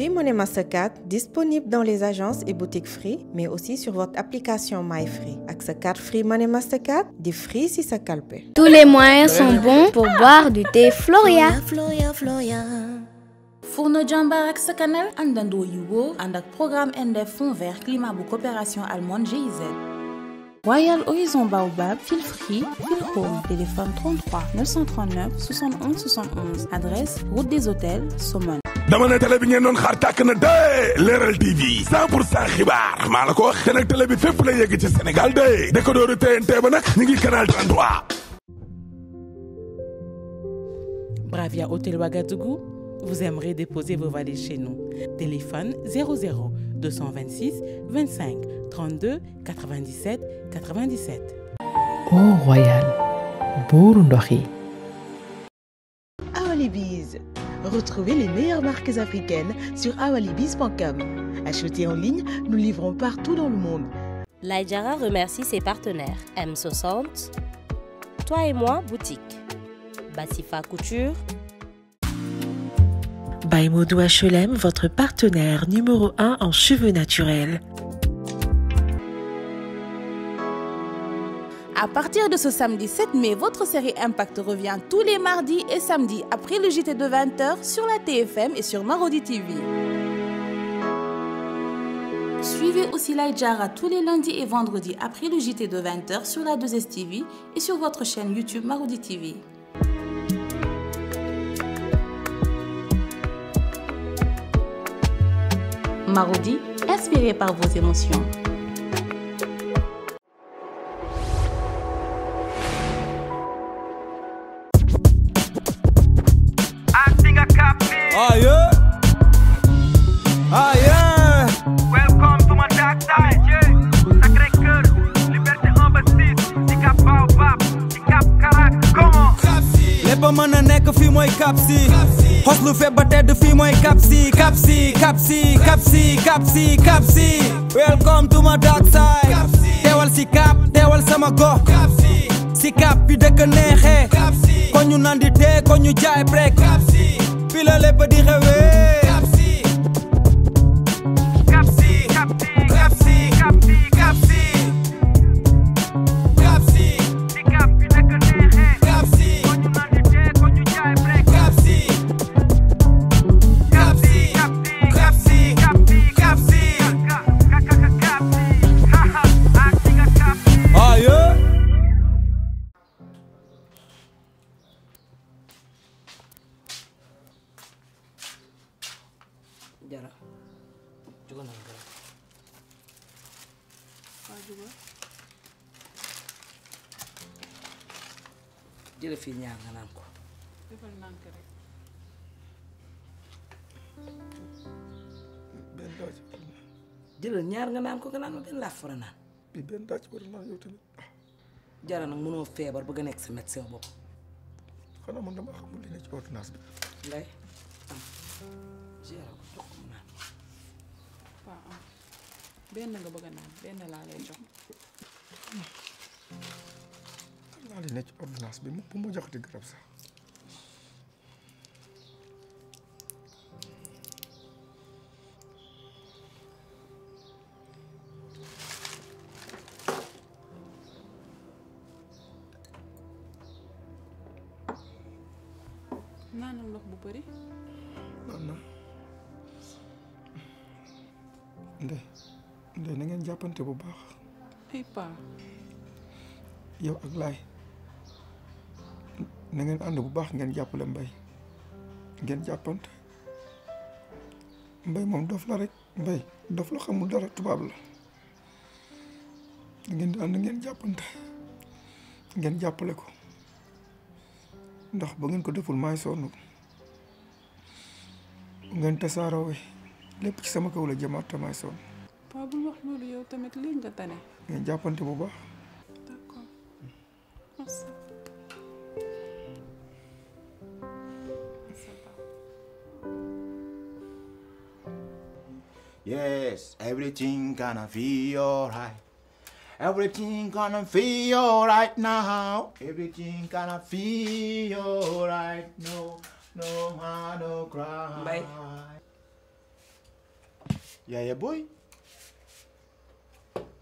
Free Money Mastercard disponible dans les agences et boutiques Free, mais aussi sur votre application MyFree. Avec sa carte Free Money Mastercard, des Free si ça calpe. Tous les moyens sont bons pour boire du thé Floria. Floria, Floria, Floria. fourneau jambar ak programme NDF Fonds Vert climat pour coopération allemande GIZ Royal Horizon Baobab, fil free, home. Téléphone 33 939 71 71. Adresse Route des Hôtels, Saumon dama ne télé bi ngeen doon xaar tàkk na de Leral TV 100 pour cent xibaar maa la ko wax te nag télé bi fépp la yegg ci Sénégal de décodeur TNT ba nag ñu ngi canal 33. Bravia Hôtel Ouagadougou vous aimerez déposer vos valises chez nous téléphone 00 226 25 32 97 97. Au Royal buuru Ah, les bises! Retrouvez les meilleures marques africaines sur awalibis.com. Achetez en ligne, nous livrons partout dans le monde. Laïdjara remercie ses partenaires M60, Toi et moi boutique, Batifa Couture, Baimodou HLM, votre partenaire numéro 1 en cheveux naturels. À partir de ce samedi 7 mai, votre série Impact revient tous les mardis et samedis après le JT de 20h sur la TFM et sur Marodi TV. Suivez aussi Jara tous les lundis et vendredis après le JT de 20h sur la 2 stv et sur votre chaîne YouTube Marodi TV. Marodi, inspiré par vos émotions. ba mën a nekk fii mooy kapsi xoslu feb ba tedd fii mooy kapsi kapsi kapsi kapsi kapsi kapsi welcome to my dark side teewal si kap teewal sama gox si kap bi dëkk neexee ko nandi tee ko jaay brek fii la lépp di xewee jëlal ñaar nga naan ko nga naan ma benn laa fara a naan yow tamit feebar bëgg nekk sa médecin bopp. xanaa ci ordonnance bi. jox ah. a naan benn laa lay ci ordonnance bi bu ma jox di garab sax. jàppante bu baax. ay pa. yow ak laay na ngeen ànd bu baax ngeen jàppale mbay ngeen jàppante mbay moom dof la rek mbay dof la xamul dara tubaab la ngeen di ànd ngeen jàppante ngeen ko ndax ko deful may sonu. ngeen ci sama kaula la may sonu. wax yow tamit nga tane. jàppante bu baax. d'accord merci. Yes, everything gonna feel alright. Everything gonna feel alright now. Everything gonna feel alright. No, no, I no cry. Bye. Yeah, yeah, boy.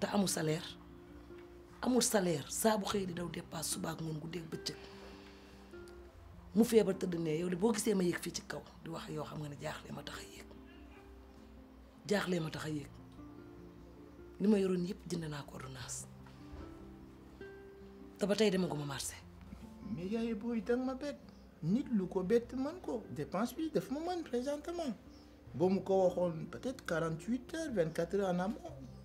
te amul saleer amul salaire saabu bu xëy di daw dépasse suba moom ngoon guddeeg bëccëg mu feebar tëdd ne yow de boo gisee ma yéeg fii ci kaw di wax yoo xam nga ne jaaxle ma tax a yéeg jaaxle ma tax a yéeg li ma yoroon yëpp jënd naa ko te ba tey demaguma marché. mais yaay booy danga ma bett nit lu ko bett man ko dépense bi daf ma man présentement boo mu ko waxoon peut-être quarante-huit heures vingt-quatre heures en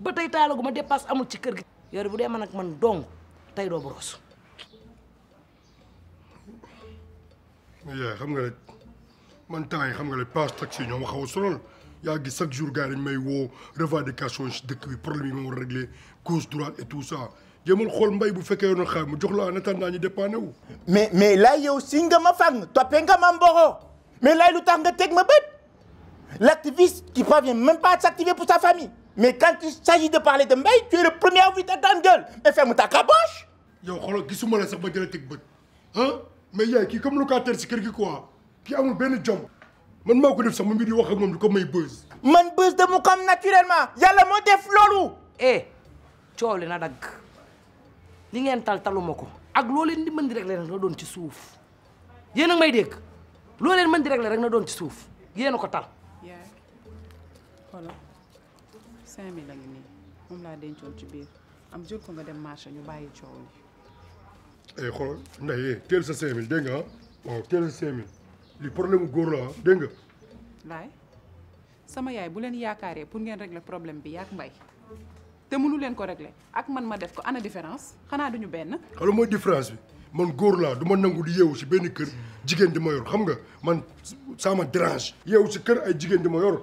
ba tay taalagu ma dépasse amul ci kër gi. yore bu dee man ak man dong tay do boros. yaay xam nga rek man tay xam nga rek paas taxi ñoo ma xaw a sonal yaa gis chaque jour gars dañ may woo revendication si dëkk bi problème yi ma war régler cause droite et tout ça jéemal xol mbay bu fekkee yoon xam jox la en tan ñu dépanné wu. mais mais laay yow si nga ma fang topé nga ma mboro mais laay lutax nga tek ma bët L'activiste qui parvient même pas à s'activer pour sa famille. Mais quand il s'agit de parler de Mbaye, tu es le premier à ouvrir ta grande gueule. Mais ferme ta caboche. Yo, xolo gisuma la sax ba jël tek beut. Hein? Mais yaay qui comme locataire ci kër gi quoi. Ki amul ben jom. Man mako def sax mu mbiri wax ak mom ko may buzz. Man buzz de mu comme naturellement. Yalla mo def lolu. Eh. Ciow li na dag. Li ngeen tal talumako. Ak lo leen di mën di régler rek na doon ci suuf. Yeen ak may dégg. Lo leen mën di régler rek na doon ci suuf. Yeen ko tal. Yeah. 5000 la ngi ni mom la dencoon ci biir am jël ko nga dem marché ñu bayyi ciow li. ay xol ndey tel sa 5000 mille nga oh tel sa 5000 li problème goor la ah nga. lay sama yaay bu len yaakaré pour ngeen régler problème bi yaak mbay té mënu len ko régler ak man ma def ko ana différence xana duñu ben xol moy différence bi man goor la duma ma nangu di yeewu si benn kër jigen di ma yor xam nga man sama dérange yew ci kër ay jigen di ma yor.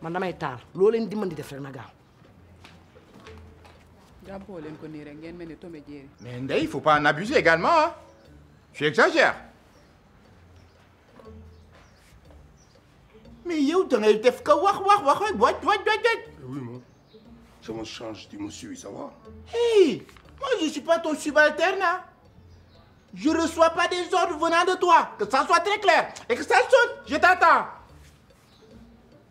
man damay en loo leen dimandi def rek na gaaw. jàppoo leen ko nii rek ngeen mel ni mais Ndeye il faut pas en abuser également hein..! tu exagères. mais yow tu ngay def ko wax wax wax rek waj waj waj waj. oui moi.. ça me change du monsieur ça va. hey moi je suis pas ton subalterne je hein. je reçois pas des ordres venant de toi que ça soit très clair et que ça saute je t'attends.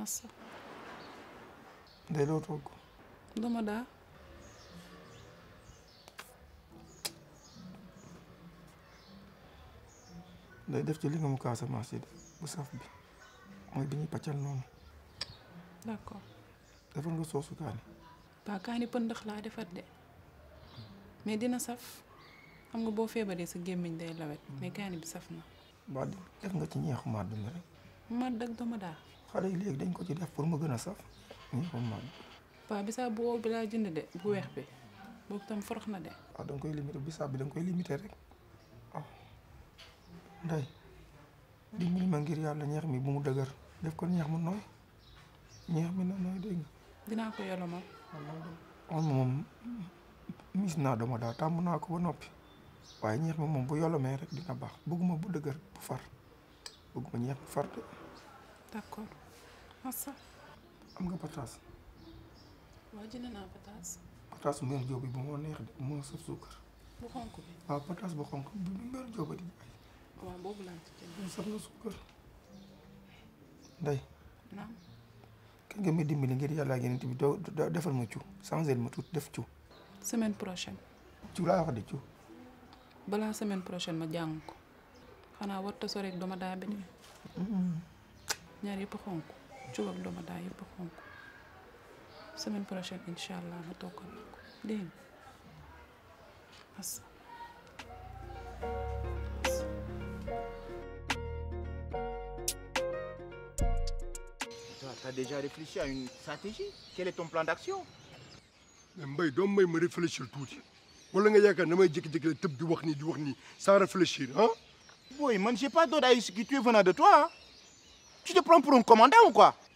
Nasıl? da. day def ci li nga mu Casamance yi bu saf bi mooy bi ñuy pàccal noonu. d'accord. defal nga soosu kaani. waaw kaani pëndax laa defar de mais dina saf xam nga boo feebaree si gémmiñ day lawet mais kaani bi saf na. waaw def nga ci ñeexu màdd mi rek. màdd ak dama xale yi léegi dañ ko ci def pour mu gën a saf ñu ko mag waaw sa bu wow bi laa jënd de bu weex bi boobu tam forox na de ah da nga koy limité sa bi da nga koy limité rek waaw ah. di dimbali ma ngir yàlla ñeex mi bu mu dëgër def ko ñeex mu nooy ñeex mi na nooy dégg nga dinaa ko yolomal on moom mis naa dama daa tàmm naa ko ba noppi waaye ñeex mi moom bu yolomee rek dina baax bëgguma bu dëgër bu far bëgguma ñeex bu far de d'accord Hassa. am nga pataas. waaw jënd naa pataas. pataas mère neex de moo saf bu xonk bi waaw pataas bu xonk bi bi mère di jaay. waaw boobu laa ci jënd. saf na suukar. Ndeye. naam. kañ nga may dimbali ngir yàlla ak bi doo defal ma cu changé ma tuuti def cu. semaine prochaine. wax ma ko. so rek dama ñaar cóob ak doomu daay yëpp xonk semaine prochaine incha allah ma toggal na ko dégg nga T'as déjà réfléchi à une stratégie Quel est ton plan d'action mais Mbaye doo may ma réfléchir tuuti wala nga yaakaar damay jékki-jékki la tëb di wax nii di wax ni, sans réfléchir hein? boy man j'ai pas d'autre à qui tu es venant de toi hein? tu te prends pour un commandant ou quoi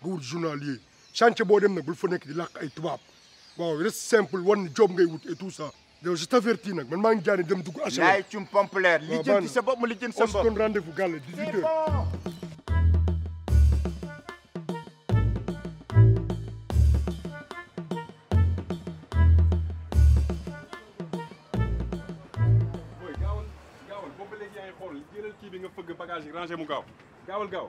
nga wut journalier chantier boo dem nag bul fa nekk di làkk ay tubaab waaw reste simple wan job ngay wut et tout ça. yow nag man maa ngi jaani dem dugg HLM. yaay cum pompelaire li jëm ci sa bopp ma li jëm sa bopp. on se donne rendez-vous gàlle 18h. gaawal gaawal boobu léegi yaa ngi xool jëlal kii bi nga fëgg bagage yi rangé mu gaaw gaawal gaaw.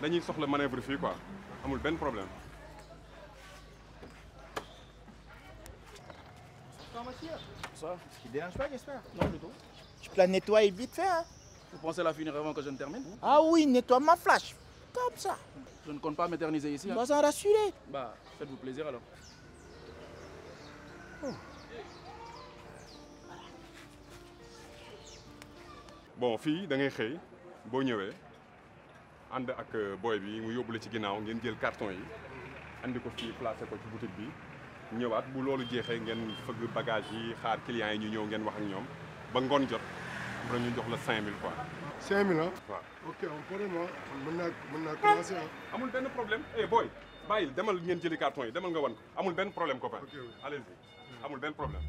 dañuy soxla manœuvre fii quoi amul benn problème. Ça Qui dérange pas, j'espère Non, du tout. Tu peux la nettoyer vite fait, hein Vous pensez la finir avant que je ne termine hein? Ah oui, nettoie ma flash. Comme ça. Je ne compte pas m'éterniser ici. Hein. Vas en rassurer. Bah, faites-vous plaisir alors. Bon, fille, vous avez ànd ak euh, boy bi mu yóbbu ci ginnaaw ngeen jël carton yi andi ko fi placer ko ci boutique bi ñëwaat bu loolu jeexee ngeen fëgg bagage yi xaar client yi ñu ñëw ngeen wax ak ñom ba ngoon jot après ñu jox la 5000 quoi. 5000 hein? ah. ok on peut vraiment mën naa mën naa commencer hein. amul ben problème eh boy bayil demal ngeen jëli carton yi demal nga wan amul ben problème copain. ok allez-y amul ben problème.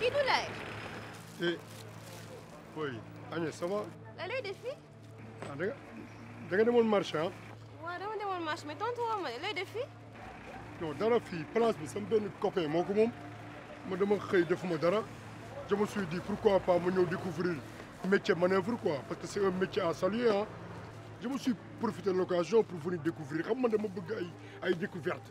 Filou-Lèche. Et... Eh, oui. Agnès, ça va? La loi des filles? regarde d'accord. D'accord, hein? Ouais, d'accord, demande marché. Mais tantôt, on m'a l'œil des filles? Non, dans la fille, place, mais ça me donne un copain, moi, comme moi, je me suis dit, je me suis dit, pourquoi pas, moi, découvrir le métier manœuvre, quoi? Parce que c'est un métier à saluer, hein? Je me suis profité de l'occasion pour venir découvrir. Comment je me suis découverte?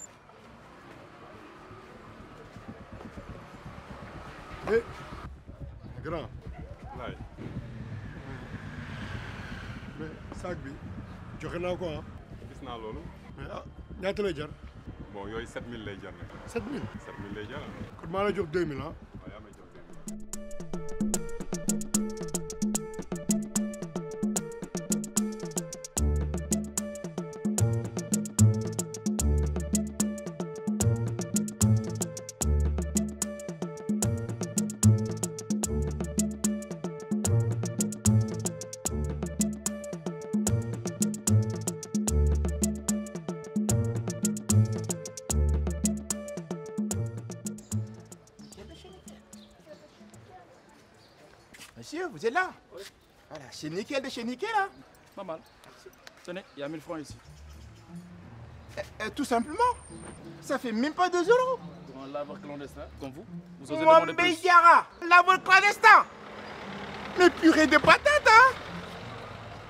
eh grand laay bi joxe naa ko ah. gis naa loolu. mais ah ñaata lay jar. bon yooyu 7000 lay jar nag. 7000 7000 lay jar ah. kon maa la jox 2000 ah. waaw yaa may jox 2000. monsieur, vous êtes là Oui. Voilà, c'est nickel de chez nickel, hein Pas mal. Tenez, il y a 1000 francs ici. Euh, tout simplement Ça fait même pas 2 euros Pour un laveur clandestin, comme vous, vous osez demander plus. Yara, laveur clandestin Mais purée de patates, hein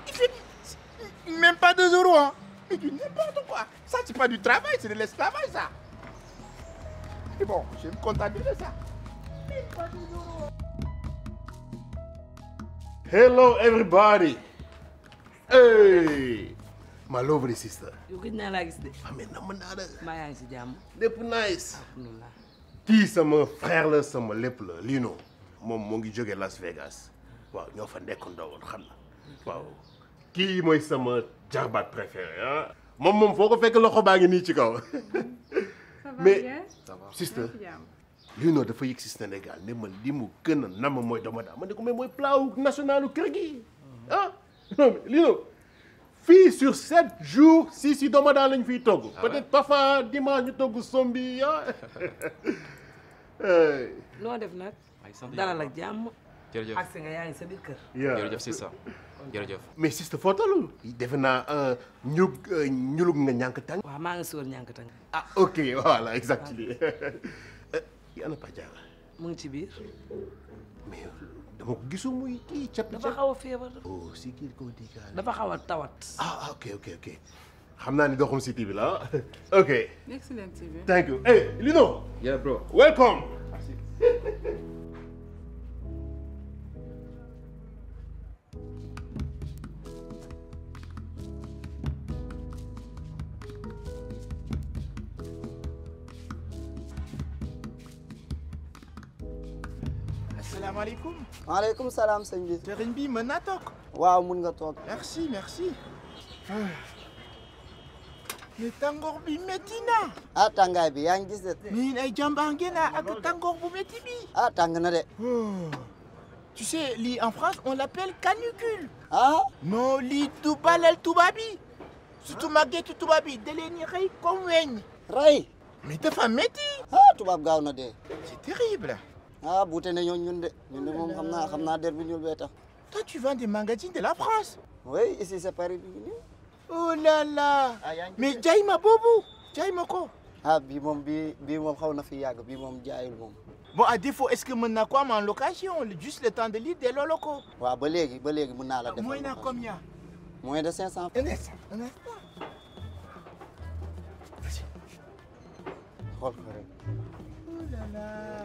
Il fait même pas 2 euros, hein Mais du n'importe quoi Ça, c'est pas du travail, c'est de l'esclavage, ça Mais bon, je vais me contenter de ça Même pas 2 euros Hello, everybody. Hey, my lovely sister. You good now, like this? I mean, I'm not. My eyes are jam. Lep nice. Kii sama frère la sama lépp la Lino Mom mo ngi jógee Las Vegas waaw ñoo fa nekkandoo woon xam na waaw Ki moy sama jarbat préféré hein. Ah. Mom mom foko fekk loxo baangi ni ci kaw Ça va mais sister Luno dafa yëg si Sénégal ne man li mu gën a nam mooy domoda ma ne ko mais mooy plat national kër gi ah non mais Luno sur sept jours si si domoda lañ fiy togg ah peut-être parfois dimanche ñu togg sombi ah loo def nag dalal ak jàmm jërëjëf ak si nga yaa ngi sa biir kër jërëjëf c'est ça jërëjëf mais siste euh, ñu euh, ñulug nga ñànk tàng waaw ah, ok voilà exactement yi ana Padiara. mu ngi ci biir. mais dama ko kii cappi dafa xaw a feebar. oh si kii ko dafa xaw a tawat. ah ok ok ok xam naa ni doxum si TV ah ok. excellent TV. thank you hey Lino. yeah bro. welcome. asalaamaaleykum. Wa alaikum salam salam. sëriñ bi mën naa waaw nga tok. merci merci. mais ah. tangor bi metina. ah tàngaay bi yaa gis de. mais ak tangor bu ah tàng na de. Oh. tu sais li en France on l'appelle canicule. ah. non li du balal tubaab bi surtout màggetu tubaab bi rey comme weñ. rey. mais dafa métti. ah tubaab gaaw de. c'est terrible ah buute nañoo ñun dé. ñun de moom xamna naa xam der bi tax. toi tu vends des magazines de la France. oui ici c'est Paris bi nii. oh là là. Ah, mais jaay ma bobo, jaay ma ko. ah bii moom bi bii moom xaw fi yag bi moom jaayul moom. bon à défaut est-ce que mën naa ko am en location juste le temps de lire des lolo ko. Wa ba légui ba légui mën la. defal moyen na combien. moins de 500. xool oh là là.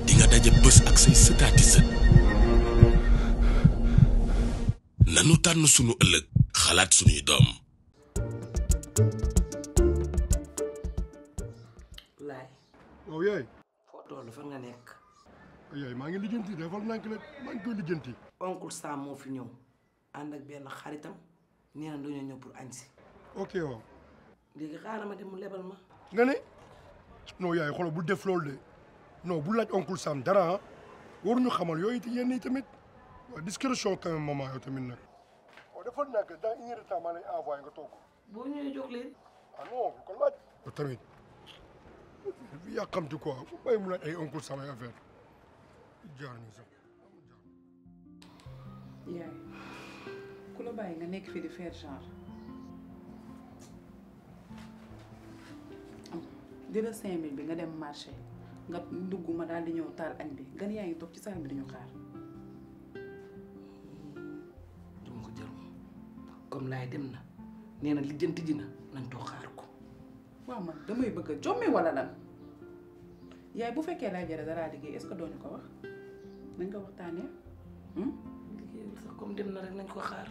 daje bés ak say sëtaati sët nanu tànn sunu ëllëg xalaat sunuy doom waaw yaay foo toll fa nga nekk yaay maa ngi lijjanti defal nank nag maa ngi koy lijjanti oncle Sam moo fi ñëw ànd ak benn xaritam nee na dañoo ñëw pour añ si ok waaw léegi xaaral ma dem lebal ma nga ne non yaay xoolal bu def loolu de non bu laaj oncle Sam dara ñu xamal yooyu te yenn yi tamit waaw discrétion quand même maman yow tamit nag. waaw oh, dafa nekk dans une heure de temps ko. boo ñëwee ah bu laaj. ay oncle Sam ay affaire ku la bàyyi nga nekk fii di faire genre dina cinq mille bi nga dem marché. nga ndugg ma daal di ñew taal añ bi gan yaangi tok ci saal bi ñu xaar. dum ko jël comme lay dem na neena na lijjanti ji na nañ toog xaar ko. wa man damay bëgg jommi wala lan yaay bu fekke laay jëlee dara liggéey est-ce que ko wax nañ ko waxtaanee. Hmm? liggéey sax comme dem na rek nañ ko xaar.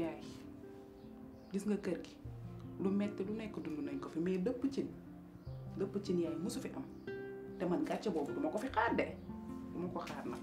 yaay gis nga kër gi lu metti lu nekk dund nañ ko fi mais depp ci. dëpp ci yaay mosu fi am te man gàcce boobu duma ko fi xaar de duma ko xaar nag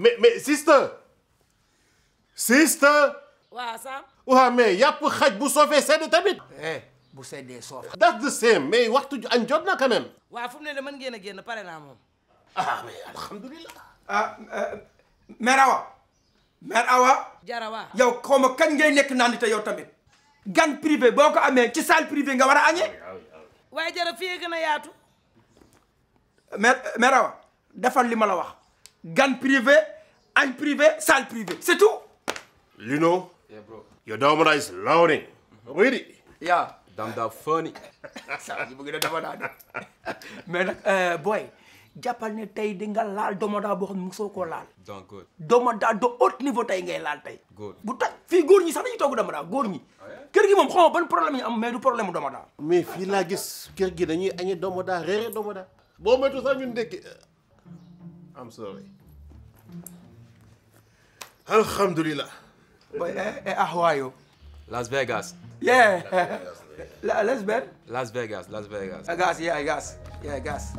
mais mais sister sister. waaw Sam. waaw mais yàpp xaj bu soofee sedd tamit. Eh, bu seddee soof. that's the same mais waxtu añ jot na quand waa waaw fu ne de mën ngeen a génn pare naa moom. ah mais alhamdulilah. ah euh, mère Awa. mère Awa. jarawa yow kañ ngay nekk naan te yow tamit. gan privé boo ko amee ci salle privée nga war a añee. waaye jara fii gën a yaatu. mère mère Awa defal li ma la wax. gan privé añ privé salle privée c'est tout. you know. yeah bro. your domina is loading. really. yeah. damn that funny. Ça yi bëgg na dama naa mais euh boy jàppal ne tey di nga laal domoda bo xam ne mosoo laal. donc good. domoda de haut niveau tay ngay laal tay. good bu toj fi góor ñi sax dañuy togg domoda góor ñi. Ah, kër gi mom xaw ban problème ñu am mais du problème mu domoda. mais fi la gis kër gi dañuy añee domoda réere domoda. bo moytu sax ñun dékk I'm sorry. Alhamdulillah. But uh, eh, uh, eh, ah, how are you? Las Vegas. Yeah. Las Vegas. Las Vegas. Las Vegas. I guess. Yeah, I guess. Yeah, I guess.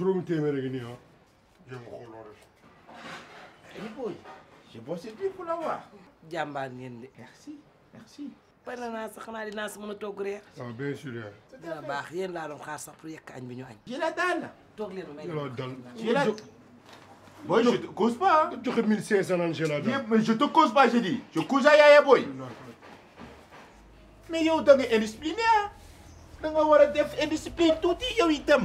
juróomi mu téeméeri gi nii não. Eh? jéem a xool loolu. ay booy j'ai não. bii pour la wax. jàmbaar ngeen de. merci merci. não. naa sax xanaa dinaa não mën a não. reer. ah bien sûr. dina baax yéen não. doon não. sax pour yekk añ bi ñu añ. jëla daal não. toog leen may jëla daal jëla. booy je te cause pas ah. joxe 1500 ans jëla daal. mais je te cause pas j'ai dit. je cause à yaaya booy. mais a da nga indiscipliné ah. da nga war a def indiscipline tuuti a itam.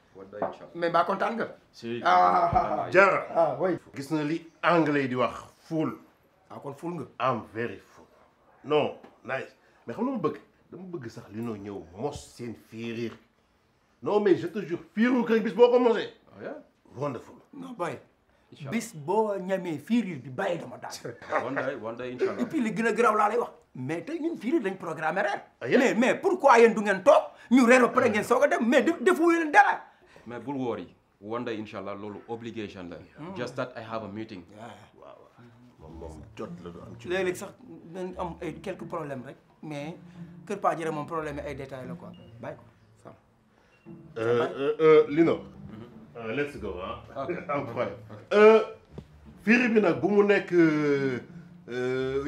mais ba kontaan nga. si jara ah, ah, ah, ah oui. gis na li anglais di wax full. ah kon full nga. am very full. non nice mais xam nga bëgg dama bëgg sax li noo ñëw mos seen fiiriir non mais je te jure fiiru kër bis boo ko oh, wonderful. non bàyyi. bis boo ñamee fiiriir bi bàyyi dama daal. one day one day incha allah. gën a garaaw laa lay wax. mais tey ñun fiiriir dañ programme reer. mais mais pourquoi yéen du ngeen toog ñu reer ba pare ngeen soog dem mais defu leen mais bul worry one day incha allah obligation la. Hmm. just that I have a meeting. waaw moom moom jot la du am ci. léeg-léeg sax dañ am ay quelques problèmes rek mais kër Paa Jara moom problème ay détails la quoi bàyyi ko. Euh, euh, euh, Lino. Mhm. let's go ah. am problème. firi bi nag bu mu nekk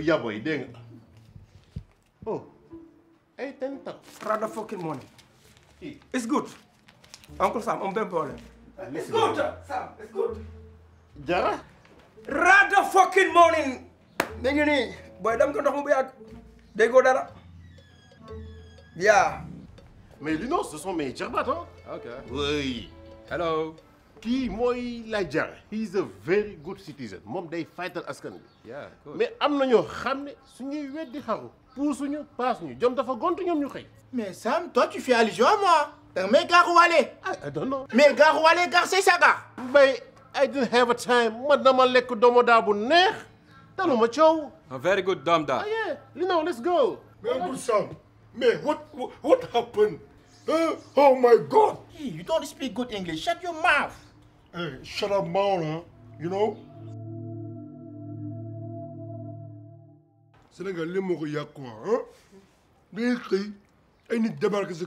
yaboy dégg nga. oh. ay ten tak. rada fokkin moo ne. it's good. Oncle Sam, on peut parler. Écoute, ah, Sam, écoute. Jara? Rad the fucking morning. mi ngi nii booy dem ko ndox mu bu yàgg dara mais lui non ce sont mes jarbaat hein? ok oui. hello. Ki moi la jar? He's a very good citizen Mom day faytal askan bi. yaa mais am na ñoo xam ne suñuy Pour xaru. passe paasuñu jom dafa gontu ñom ñu xey. mais Sam toi tu fais allusion à moi. Euh, mais garouale. Ah, I, don't know. Mais.. garce saga. Mais I didn't have a time. Madame Aleko Domoda Je a A very good Domda. Oh, ah, yeah. You know, let's go. Mais Mais.. what, what, happened? Hein? oh my God. Hey, you don't speak good English. Shut your mouth. Hey, shut up, mouth, hein? You know? Sénégal, les mots Il y a quoi, hein? ils ne ce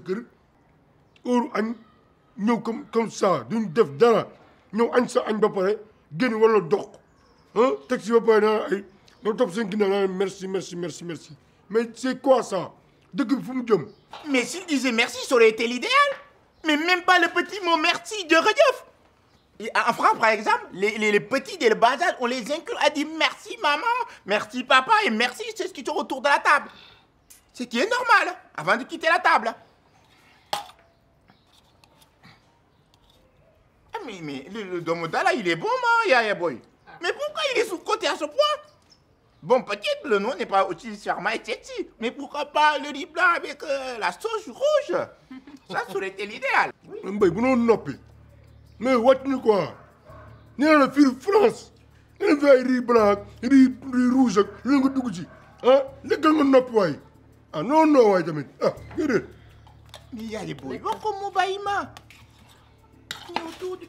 comme comme ça def dara merci merci merci merci mais c'est quoi ça mais s'il disait merci ça aurait été l'idéal mais même pas le petit mot merci de jërëjëf. En France, par exemple, les, petits dès le bas âge, on les inclut à dire merci maman, merci papa et merci c'est ce qui te retourne de la table. Ce qui est normal hein, avant de quitter la table. Hein. mais, le, le là, il est bon, ma Yaya Boy. Ah. Mais pourquoi il est sous-côté à ce point Bon, peut-être le nom n'est pas aussi charmant et tchéti, mais pourquoi pas le riz blanc avec euh, la sauce rouge Ça serait l'idéal. Mais bon, non, Mais what you quoi Ni la fille France, ni le riz blanc, riz, riz rouge, le goût de Hein Les gars, non, pas. Ah non, non, ouais, jamais. Ah, regardez. Mais Yaya Boy, comment va Ima Il est autour du.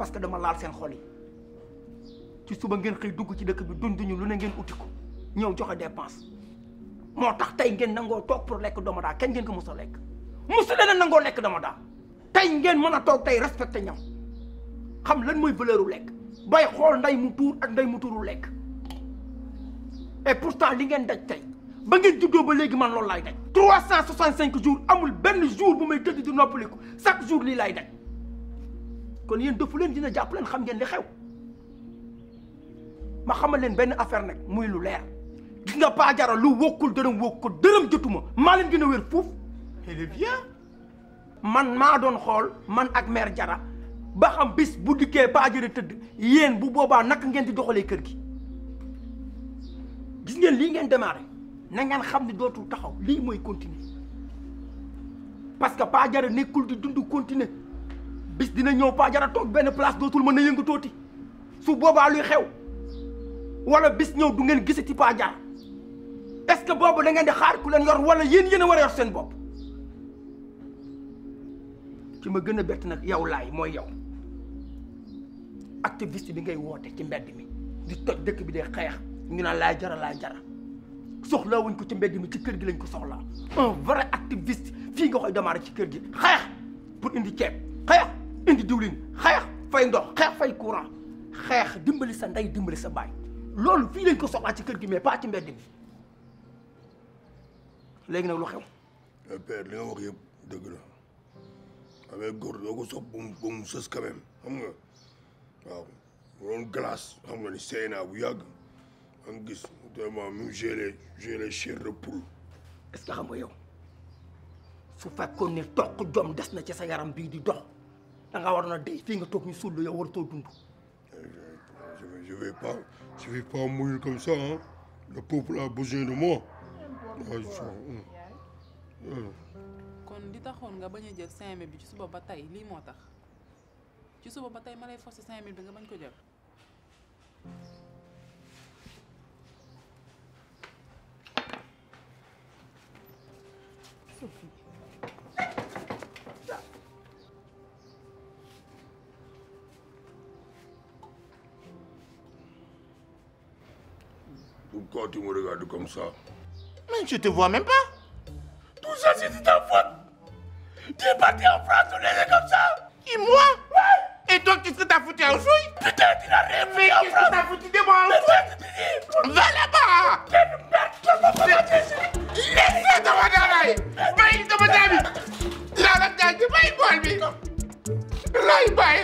parce que dama laal seen xol yi ci suba ngeen xëy dugg ci dëkk bi dunduñu lu ne ngeen uti ko ñëw joxe dépense moo tax tey ngeen nangoo toog pour lekk domodaa kenn ngeen ko mos a lekk mosu leen a nangoo lekk domodaa tey ngeen mën a toog tey respecté ñam xam lan mooy valeur u lekk bay xool nday mu tuur ak nday mu tuuru lekk et eh, pourtant li ngeen daj tey ba ngeen juddoo ba léegi man loolu laay daj 365 jours amul benn jour bu may tëdd di noppaliku chaque jour lii laay daj kon yéen defu leen dina jàpp xam ngeen li xew ma xamal leen benn affaire nag muy lu leer gis nga Paa Jara lu wokkul dërëm wokk ko dërëm jotuma maa leen gën a wér fuuf man maa doon xool man ak mère Jara ba xam bis bu dikkee Paa Jara tëdd yéen bu boobaa naka ngeen di doxalee kër gi gis ngeen lii ngeen démarré na ngeen xam ne dootul taxaw lii mooy continuer parce que Paa Jara nekkul di dund continuer bis dina ñew pa jara tok ben place dootul mën a yëngu toti su boba luy xew wala bis ñew du ngeen gisati pa jara est ce bobu da ngeen di xaar ku len yor wala yeen yeena wara yor seen bop ci ma gëna bet nak yaw lay moy yaw activiste bi ngay wote ci mbedd mi di toj dekk bi day xex ñu na laay jara laay jara soxla wuñ ko ci mbedd mi ci kër gi lañ ko soxla un vrai activiste fi nga koy démarrer ci kër gi xex pour indi ciép xex indi diwlin xex fay ndox xex fay courant xex dimbali sa nday dimbali sa bay lolou fi lañ ko soxlaa ci kër gi mais pas ci mbedd bi légui nak lu xew. père li nga wax yeb deug la avec gor do ko sox bum bum bu sës quand même xam nga waaw loolu glace xam nga ni seyna bu yag am gis dama mu gélé gélé chez de est ce que xam nga yow su fekkoon ne toq jom dess na ci sa yaram bi di dox. da warna waroon a dee fii nga toog ñu suul la yow dund. je vais je vais pas je vais pas mourir comme ça hein. le peuple a besoin de moi. Ah, ah. kon di taxoon nga bañ a jël 5000 bi ci suba ba tey lii moo tax ci suba ba tey ma lay forcer 5000 bi nga bañ ko jël. Sophie. Pourquoi tu me regardes comme ça Mais je te vois même pas. Tout ça, c'est de ta faute. Tu es parti en France, l'as fait comme ça. Et moi Ouais. Et toi, qu'est-ce que t'as foutu à Putain, tu n'as rien fait. Mais qu'est-ce que t'as foutu de moi en Oussoui Va là-bas Laisse-le dans ma gare Va y dans ma gare Là, là, tu vas y voir lui Là, il va